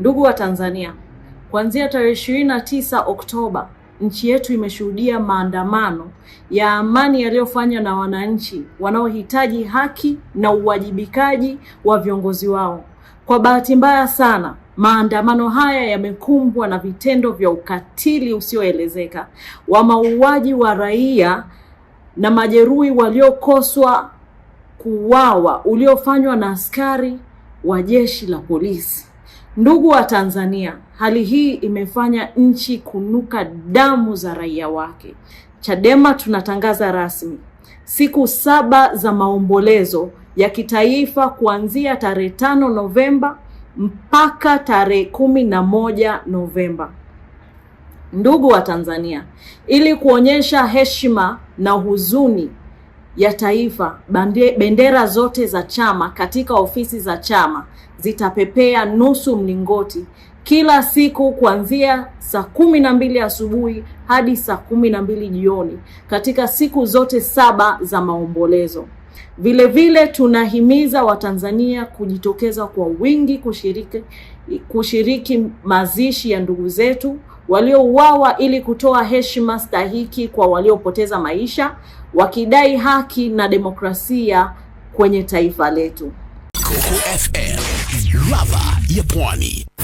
Ndugu wa Tanzania, kuanzia tarehe ishirini na tisa Oktoba nchi yetu imeshuhudia maandamano ya amani yaliyofanywa na wananchi wanaohitaji haki na uwajibikaji wa viongozi wao. Kwa bahati mbaya sana, maandamano haya yamekumbwa na vitendo vya ukatili usioelezeka wa mauaji wa raia na majeruhi waliokoswa kuuawa uliofanywa na askari wa jeshi la polisi. Ndugu wa Tanzania, hali hii imefanya nchi kunuka damu za raia wake. Chadema tunatangaza rasmi siku saba za maombolezo ya kitaifa kuanzia tarehe tano Novemba mpaka tarehe kumi na moja Novemba. Ndugu wa Tanzania, ili kuonyesha heshima na huzuni ya taifa, bendera zote za chama katika ofisi za chama zitapepea nusu mlingoti kila siku kuanzia saa kumi na mbili asubuhi hadi saa kumi na mbili jioni katika siku zote saba za maombolezo. Vilevile tunahimiza Watanzania kujitokeza kwa wingi kushiriki kushiriki mazishi ya ndugu zetu waliouawa ili kutoa heshima stahiki kwa waliopoteza maisha, wakidai haki na demokrasia kwenye taifa letu. Coco FM, ladha ya Pwani.